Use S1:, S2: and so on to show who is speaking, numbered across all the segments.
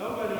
S1: Nobody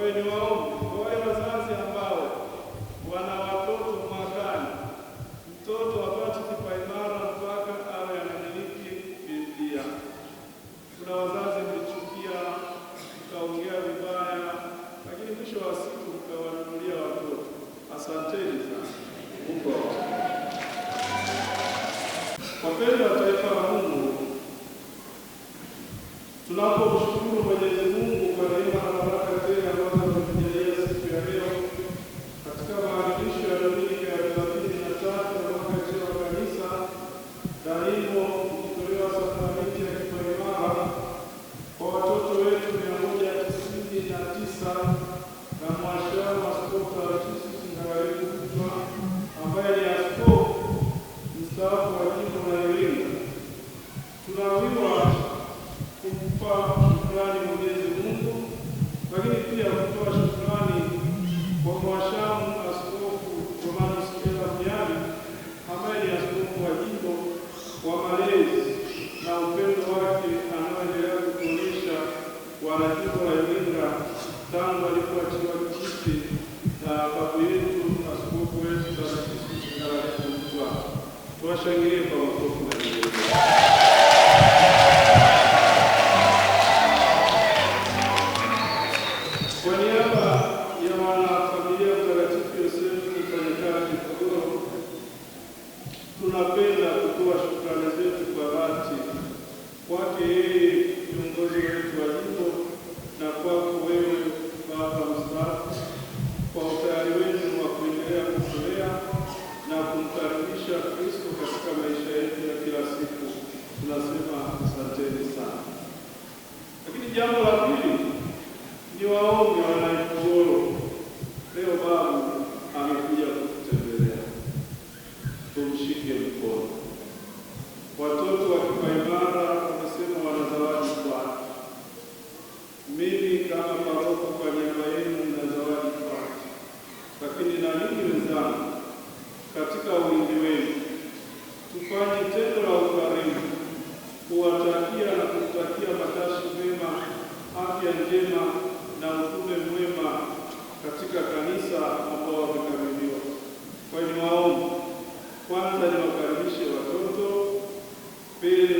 S1: Kwa hiyo ni waombe kwa wale wazazi ambao wana watoto mwakani, mtoto apate kipaimara mpaka awe anamiliki Biblia. Kuna wazazi mlichukia, mkaongea vibaya, lakini mwisho wa siku mkawanunulia watoto. Asanteni sana Mungu. Wapendwa wa taifa la Mungu Tunapomshukuru Mwenyezi Mungu kwa neema na baraka tena ambazo ametujalia siku ya leo katika maadhimisho ya Dominika ya thelathini na tatu ya mwaka C wa Kanisa, na hivyo kujitolewa sakramenti ya kipaimara kwa watoto wetu mia moja tisini na tisa na mwashamu Askofu Tarcisius Ngaliku Mtwa ambaye ni askofu mstaafu wa jimbo la Iringa tunawiwa kumpa shukrani Mwenyezi Mungu, lakini pia kutoa shukrani kwa mwashamu askofu Romanus Kilapiani ambaye ni askofu wa jimbo wa malezi na upendo wake anaoendelea kuonyesha wanajimbo la Iringa tangu alipoachiwa kiti na babu yetu askofu wetu Franciscus Ngalale Mtwa. Tuwashangilie. tunapenda kutoa shukrani zetu kwa dhati kwake yeye kiongozi wetu wa jimbo na kwako wewe baba mstaafu kwa utayari wenu wa kuendelea kumtolea na kumkaribisha Kristo katika maisha yetu ya kila siku. Tunasema asanteni sana. Lakini jambo la pili ni waombe wananchi tumshike mkono. Watoto wa kipaimara wamesema wanazawadi Bwana. Mimi kama paroko kwa niaba yenu ninazawadi Bwana, lakini na ninyi wenzangu katika wingi wenu pelo